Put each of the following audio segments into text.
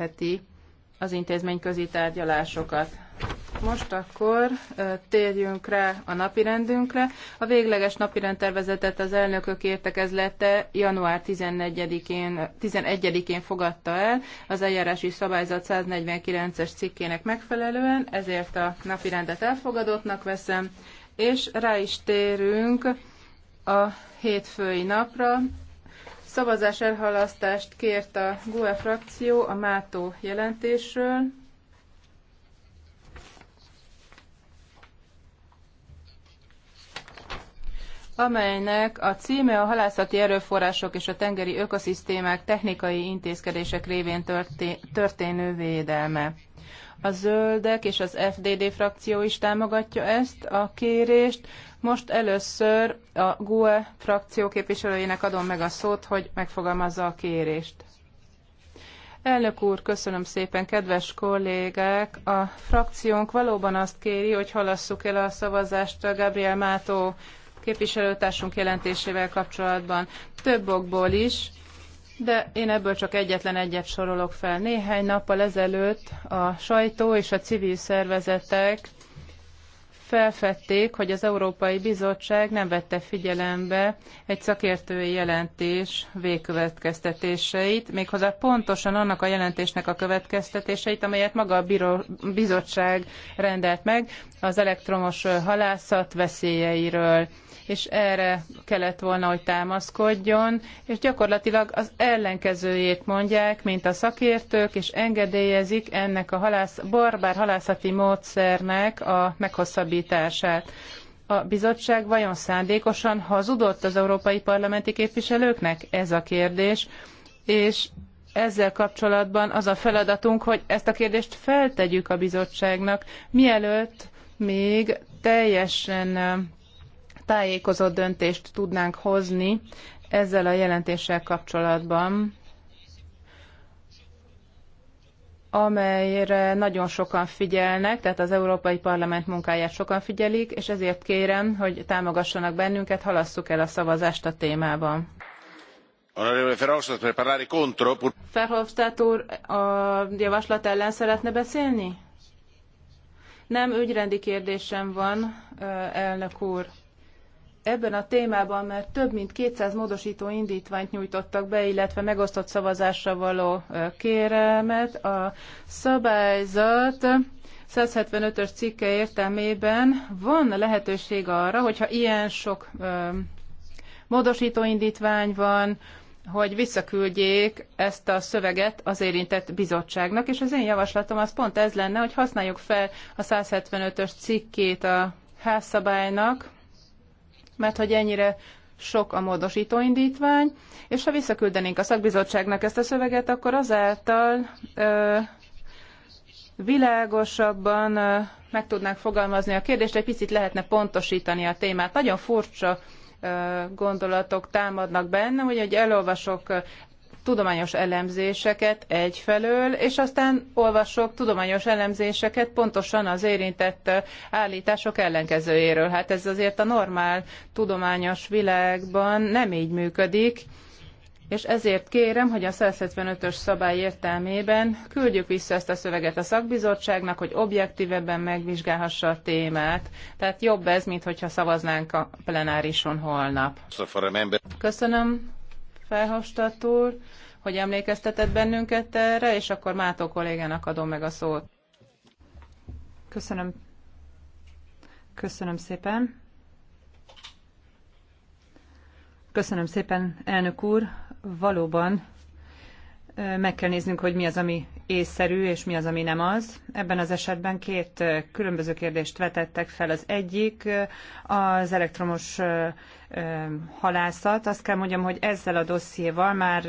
kezdheti az intézmény intézményközi tárgyalásokat. Most akkor térjünk rá a napirendünkre. A végleges napirendtervezetet az elnökök értekezlete január 11 én 11-én fogadta el az eljárási szabályzat 149-es cikkének megfelelően, ezért a napirendet elfogadottnak veszem, és rá is térünk a hétfői napra, szavazás elhalasztást kért a GUE frakció a MÁTÓ jelentésről. amelynek a címe a halászati erőforrások és a tengeri ökoszisztémák technikai intézkedések révén történő védelme. A zöldek és az FDD frakció is támogatja ezt a kérést. Most először a GUE frakció képviselőjének adom meg a szót, hogy megfogalmazza a kérést. Elnök úr, köszönöm szépen, kedves kollégák! A frakciónk valóban azt kéri, hogy halasszuk el a szavazást a Gabriel Mátó képviselőtársunk jelentésével kapcsolatban, több okból is, de én ebből csak egyetlen egyet sorolok fel. Néhány nappal ezelőtt a sajtó és a civil szervezetek felfedték, hogy az Európai Bizottság nem vette figyelembe egy szakértői jelentés végkövetkeztetéseit, méghozzá pontosan annak a jelentésnek a következtetéseit, amelyet maga a bíró, bizottság rendelt meg az elektromos halászat veszélyeiről és erre kellett volna, hogy támaszkodjon, és gyakorlatilag az ellenkezőjét mondják, mint a szakértők, és engedélyezik ennek a halász, barbár halászati módszernek a meghosszabbítását javítását. A bizottság vajon szándékosan hazudott az európai parlamenti képviselőknek? Ez a kérdés. És ezzel kapcsolatban az a feladatunk, hogy ezt a kérdést feltegyük a bizottságnak, mielőtt még teljesen tájékozott döntést tudnánk hozni ezzel a jelentéssel kapcsolatban amelyre nagyon sokan figyelnek, tehát az Európai Parlament munkáját sokan figyelik, és ezért kérem, hogy támogassanak bennünket, halasszuk el a szavazást a témában. Verhofstadt úr a javaslat ellen szeretne beszélni? Nem, ügyrendi kérdésem van, elnök úr ebben a témában már több mint 200 módosító indítványt nyújtottak be, illetve megosztott szavazásra való kérelmet. A szabályzat 175-ös cikke értelmében van lehetőség arra, hogyha ilyen sok módosító indítvány van, hogy visszaküldjék ezt a szöveget az érintett bizottságnak, és az én javaslatom az pont ez lenne, hogy használjuk fel a 175-ös cikkét a házszabálynak, mert hogy ennyire sok a módosító indítvány, és ha visszaküldenénk a szakbizottságnak ezt a szöveget, akkor azáltal ö, világosabban ö, meg tudnánk fogalmazni a kérdést, egy picit lehetne pontosítani a témát. Nagyon furcsa gondolatok támadnak bennem, hogy elolvasok tudományos elemzéseket egyfelől, és aztán olvasok tudományos elemzéseket pontosan az érintett állítások ellenkezőjéről. Hát ez azért a normál tudományos világban nem így működik, és ezért kérem, hogy a 175-ös szabály értelmében küldjük vissza ezt a szöveget a szakbizottságnak, hogy objektívebben megvizsgálhassa a témát. Tehát jobb ez, mint hogyha szavaznánk a plenárison holnap. Köszönöm. Felhofstadt úr, hogy emlékeztetett bennünket erre, és akkor Mátó kollégának adom meg a szót. Köszönöm. Köszönöm szépen. Köszönöm szépen, elnök úr. Valóban meg kell néznünk, hogy mi az, ami észszerű, és mi az, ami nem az. Ebben az esetben két különböző kérdést vetettek fel. Az egyik az elektromos halászat. Azt kell mondjam, hogy ezzel a dossziéval már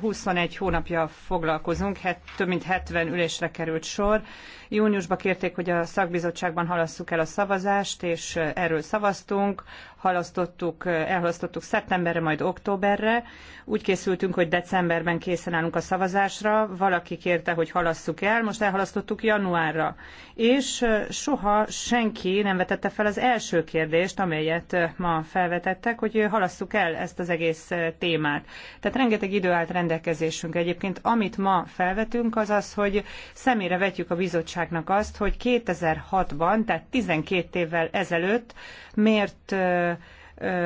21 hónapja foglalkozunk, het, több mint 70 ülésre került sor. Júniusban kérték, hogy a szakbizottságban halasszuk el a szavazást, és erről szavaztunk, halasztottuk, elhalasztottuk szeptemberre, majd októberre. Úgy készültünk, hogy decemberben készen állunk a szavazásra, valaki kérte, hogy halasszuk el, most elhalasztottuk januárra. És soha senki nem vetette fel az első kérdést, amelyet ma felvetettek, hogy halasszuk el ezt az egész témát. Tehát rengeteg idő állt rendelkezésünk Egyébként amit ma felvetünk, az az, hogy személyre vetjük a bizottságnak azt, hogy 2006-ban, tehát 12 évvel ezelőtt miért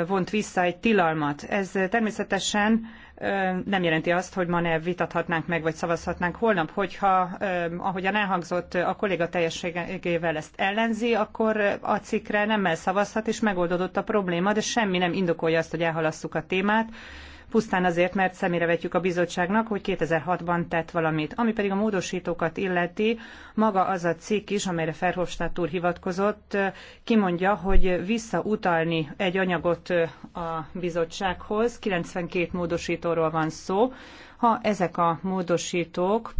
vont vissza egy tilalmat. Ez természetesen nem jelenti azt, hogy ma ne vitathatnánk meg, vagy szavazhatnánk holnap. Hogyha, ahogyan elhangzott, a kolléga teljességével ezt ellenzi, akkor a cikkre nem szavazhat, és megoldódott a probléma, de semmi nem indokolja azt, hogy elhalasszuk a témát pusztán azért, mert szemére vetjük a bizottságnak, hogy 2006-ban tett valamit. Ami pedig a módosítókat illeti, maga az a cikk is, amelyre Ferhofstadt úr hivatkozott, kimondja, hogy visszautalni egy anyagot a bizottsághoz, 92 módosítóról van szó, ha ezek a módosítók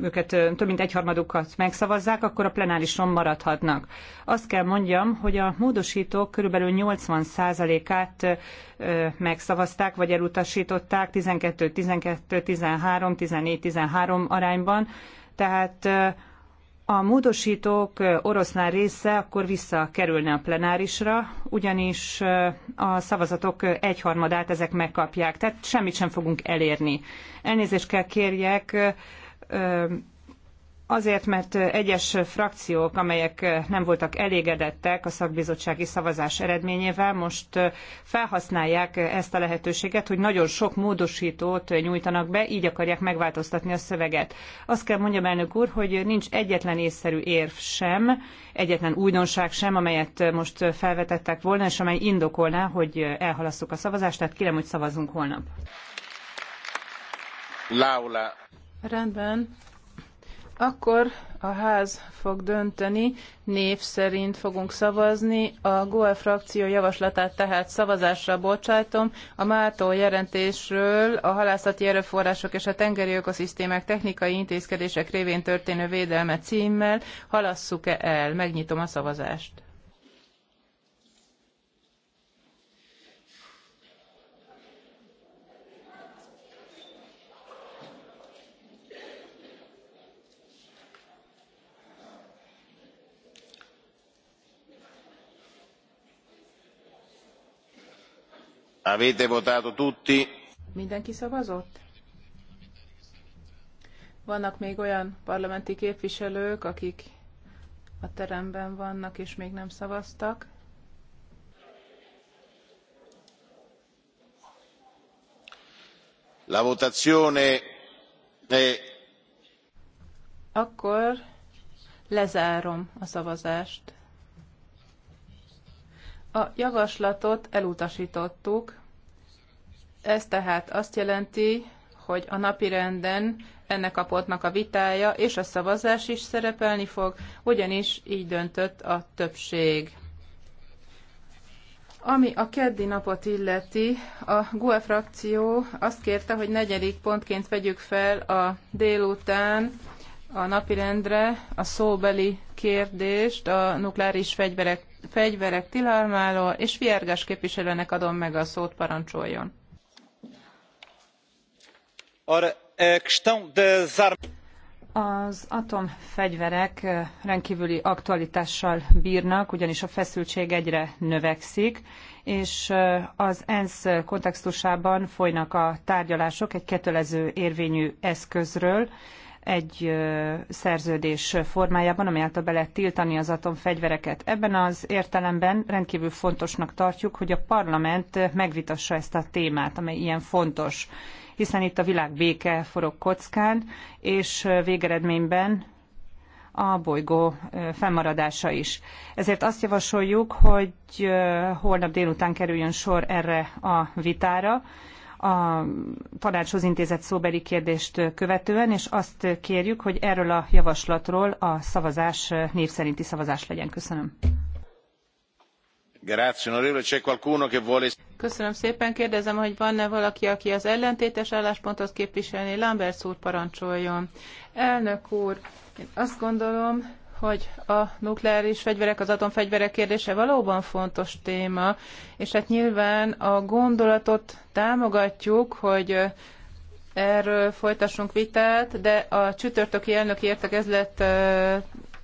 őket több mint egyharmadukat megszavazzák, akkor a plenárison maradhatnak. Azt kell mondjam, hogy a módosítók körülbelül 80%-át megszavazták, vagy elutasították 12-12-13-14-13 arányban, tehát a módosítók oroszlán része akkor visszakerülne a plenárisra, ugyanis a szavazatok egyharmadát ezek megkapják, tehát semmit sem fogunk elérni. Elnézést kell kérjek, Azért, mert egyes frakciók, amelyek nem voltak elégedettek a szakbizottsági szavazás eredményével, most felhasználják ezt a lehetőséget, hogy nagyon sok módosítót nyújtanak be, így akarják megváltoztatni a szöveget. Azt kell mondjam, elnök úr, hogy nincs egyetlen észszerű érv sem, egyetlen újdonság sem, amelyet most felvetettek volna, és amely indokolná, hogy elhalasszuk a szavazást, tehát kérem, hogy szavazzunk holnap. Laula. Rendben akkor a ház fog dönteni, név szerint fogunk szavazni. A GOE frakció javaslatát tehát szavazásra bocsájtom. A MÁTÓ jelentésről a halászati erőforrások és a tengeri ökoszisztémák technikai intézkedések révén történő védelme címmel halasszuk-e el? Megnyitom a szavazást. Avete votato tutti? Mindenki szavazott? Vannak még olyan parlamenti képviselők, akik a teremben vannak és még nem szavaztak. La votazione è... Akkor lezárom a szavazást. A javaslatot elutasítottuk. Ez tehát azt jelenti, hogy a napirenden ennek a pontnak a vitája és a szavazás is szerepelni fog, ugyanis így döntött a többség. Ami a keddi napot illeti, a GUE frakció azt kérte, hogy negyedik pontként vegyük fel a délután a napirendre a szóbeli kérdést a nukleáris fegyverek, fegyverek tilalmáról, és Viergás képviselőnek adom meg a szót, parancsoljon. Az atomfegyverek eh, rendkvüli aktualitással bírnak, ugyanis a feszültség egyre növekszik, és eh, az ENSZ kontextusában folynak a tárgyalások egy kötelező érvényű eszközről, egy szerződés formájában, ami által be lehet tiltani az atomfegyvereket. Ebben az értelemben rendkívül fontosnak tartjuk, hogy a parlament megvitassa ezt a témát, amely ilyen fontos, hiszen itt a világ béke forog kockán, és végeredményben a bolygó fennmaradása is. Ezért azt javasoljuk, hogy holnap délután kerüljön sor erre a vitára, a tanácshoz intézett szóbeli kérdést követően, és azt kérjük, hogy erről a javaslatról a szavazás név szerinti szavazás legyen. Köszönöm. Köszönöm szépen. Kérdezem, hogy van-e valaki, aki az ellentétes álláspontot képviselni? Lambert úr parancsoljon. Elnök úr, én azt gondolom, hogy a nukleáris fegyverek, az atomfegyverek kérdése valóban fontos téma, és hát nyilván a gondolatot támogatjuk, hogy erről folytassunk vitát, de a csütörtöki elnöki értekezlet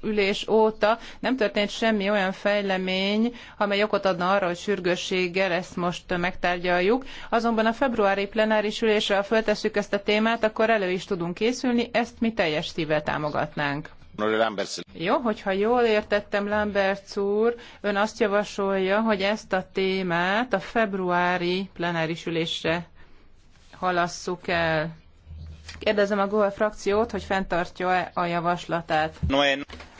ülés óta nem történt semmi olyan fejlemény, amely okot adna arra, hogy sürgősséggel ezt most megtárgyaljuk. Azonban a februári plenáris ülésre, ha föltesszük ezt a témát, akkor elő is tudunk készülni, ezt mi teljes szívvel támogatnánk. Jó, hogyha jól értettem, Lamberts úr, ön azt javasolja, hogy ezt a témát a februári plenáris ülésre halasszuk el. Kérdezem a GOL frakciót, hogy fenntartja-e a javaslatát.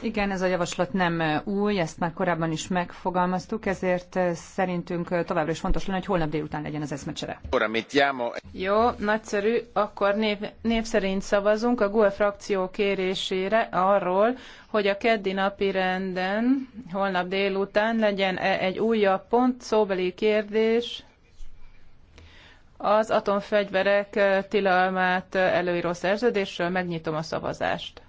Igen, ez a javaslat nem új, ezt már korábban is megfogalmaztuk, ezért szerintünk továbbra is fontos lenne, hogy holnap délután legyen az eszmecsere. Jó, nagyszerű, akkor név, név szerint szavazunk a GOL frakció kérésére arról, hogy a keddi napi renden holnap délután legyen -e egy újabb pont, szóbeli kérdés, az atomfegyverek eh, tilalmát eh, előíró szerződésről. Megnyitom a szavazást.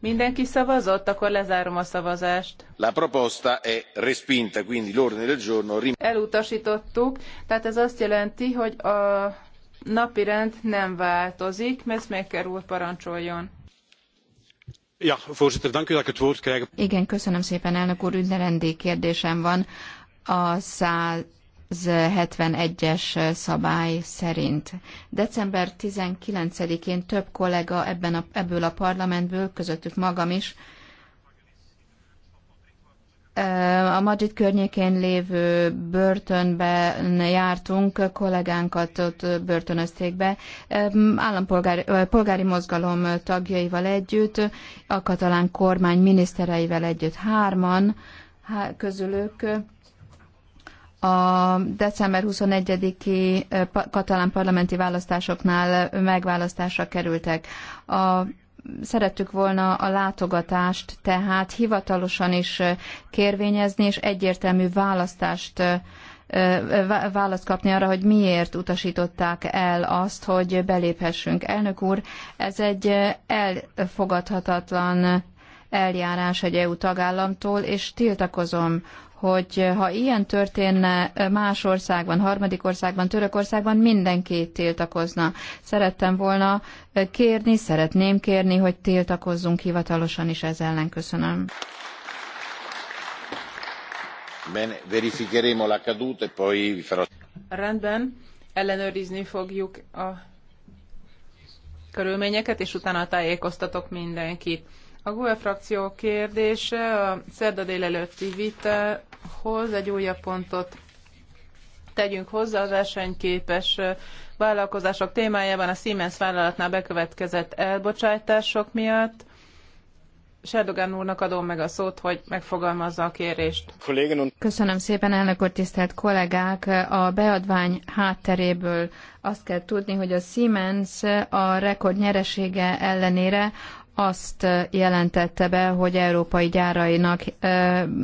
Mindenki szavazott, akkor lezárom a szavazást. La proposta è respinta, quindi l'ordine del giorno. Elutasítottuk, tehát ez azt jelenti, hogy a Napi rend nem változik. Metzmaker úr parancsoljon. Ja, voorzitter, dank u dat ik het woord krijg. Igen, köszönöm szépen, elnök úr. Ügyrendi kérdésem van. A 171-es szabály szerint. December 19-én több kollega ebben a, ebből a parlamentből, közöttük magam is, a Madrid környékén lévő börtönben jártunk, kollégánkat ott börtönözték be, állampolgári polgári mozgalom tagjaival együtt, a katalán kormány minisztereivel együtt hárman közülük a december 21-i katalán parlamenti választásoknál megválasztásra kerültek. A szerettük volna a látogatást tehát hivatalosan is kérvényezni, és egyértelmű választást választ kapni arra, hogy miért utasították el azt, hogy beléphessünk. Elnök úr, ez egy elfogadhatatlan eljárás egy EU tagállamtól, és tiltakozom, hogy eh, ha ilyen történne eh, más országban, harmadik országban, Törökországban, mindenki tiltakozna. Szerettem volna eh, kérni, szeretném kérni, hogy tiltakozzunk hivatalosan is ez ellen. Köszönöm. E Rendben, ellenőrizni fogjuk a körülményeket, és utána tájékoztatok mindenkit. A GUE frakció kérdése a szerda délelőtti vita hoz egy újabb pontot tegyünk hozzá a versenyképes vállalkozások témájában a Siemens vállalatnál bekövetkezett elbocsátások miatt. Serdogán úrnak adom meg a szót, hogy megfogalmazza a kérést. Köszönöm szépen, elnök úr, tisztelt kollégák! A beadvány hátteréből azt kell tudni, hogy a Siemens a rekord nyeresége ellenére azt jelentette be, hogy európai gyárainak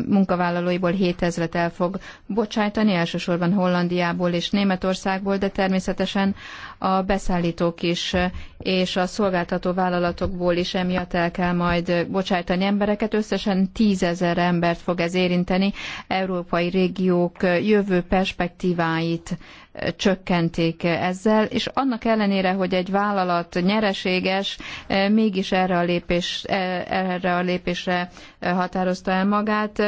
munkavállalóiból 7000-et el fog bocsájtani, elsősorban Hollandiából és Németországból, de természetesen a beszállítók is, és a szolgáltató vállalatokból is emiatt el kell majd bocsájtani embereket. Összesen tízezer embert fog ez érinteni, európai régiók jövő perspektíváit eh, csökkenték eh, ezzel, és annak ellenére, hogy egy vállalat nyereséges, eh, mégis erre a, lépés, erre a lépésre határozta el magát,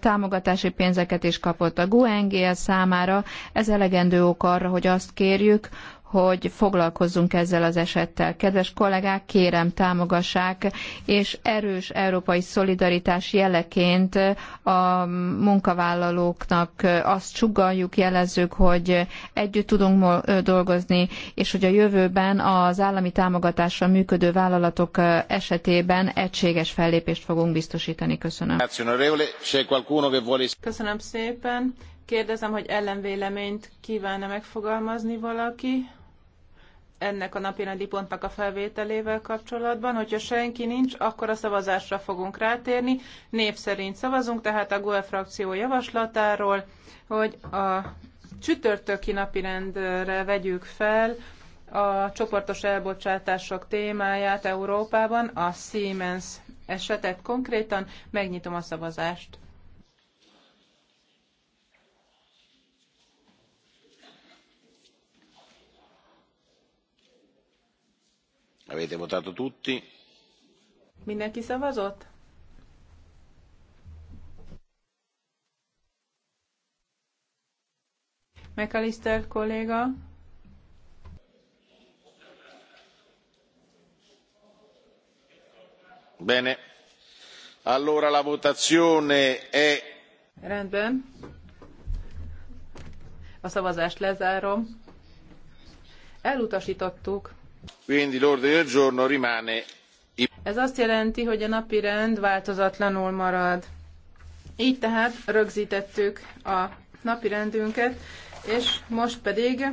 támogatási pénzeket is kapott a GUNGL számára. Ez elegendő ok arra, hogy azt kérjük, hogy foglalkozzunk ezzel az esettel. Kedves kollégák, kérem támogassák, és erős európai szolidaritás jeleként a munkavállalóknak azt csugaljuk, jelezzük, hogy együtt tudunk dolgozni, és hogy a jövőben az állami támogatásra működő vállalatok esetében egységes fellépést fogunk biztosítani. Köszönöm. Köszönöm szépen. Kérdezem, hogy ellenvéleményt kívánna megfogalmazni valaki ennek a napirendi pontnak a felvételével kapcsolatban. Hogyha senki nincs, akkor a szavazásra fogunk rátérni. Név szerint szavazunk, tehát a GOE frakció javaslatáról, hogy a csütörtöki napirendre vegyük fel a csoportos elbocsátások témáját Európában, a Siemens esetet konkrétan. Megnyitom a szavazást. Avete votato tutti? Mindenki szavazott? McAllister kolléga. Bene. Allora la votazione è... Rendben. A szavazást lezárom. Elutasítottuk ez azt jelenti, hogy a napirend változatlanul marad. gy tehát rögztettük a napirendünket, és most pedig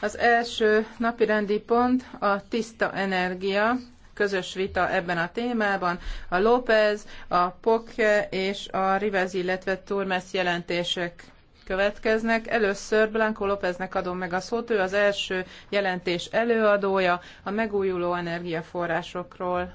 az első napirendi pont a tiszta energia, közös vita ebben a témában. A López, a Pokke és a Rivez, illetve Turmes jelentések következnek. Először Blanco Lópeznek adom meg a szót, ő az első jelentés előadója a megújuló energiaforrásokról.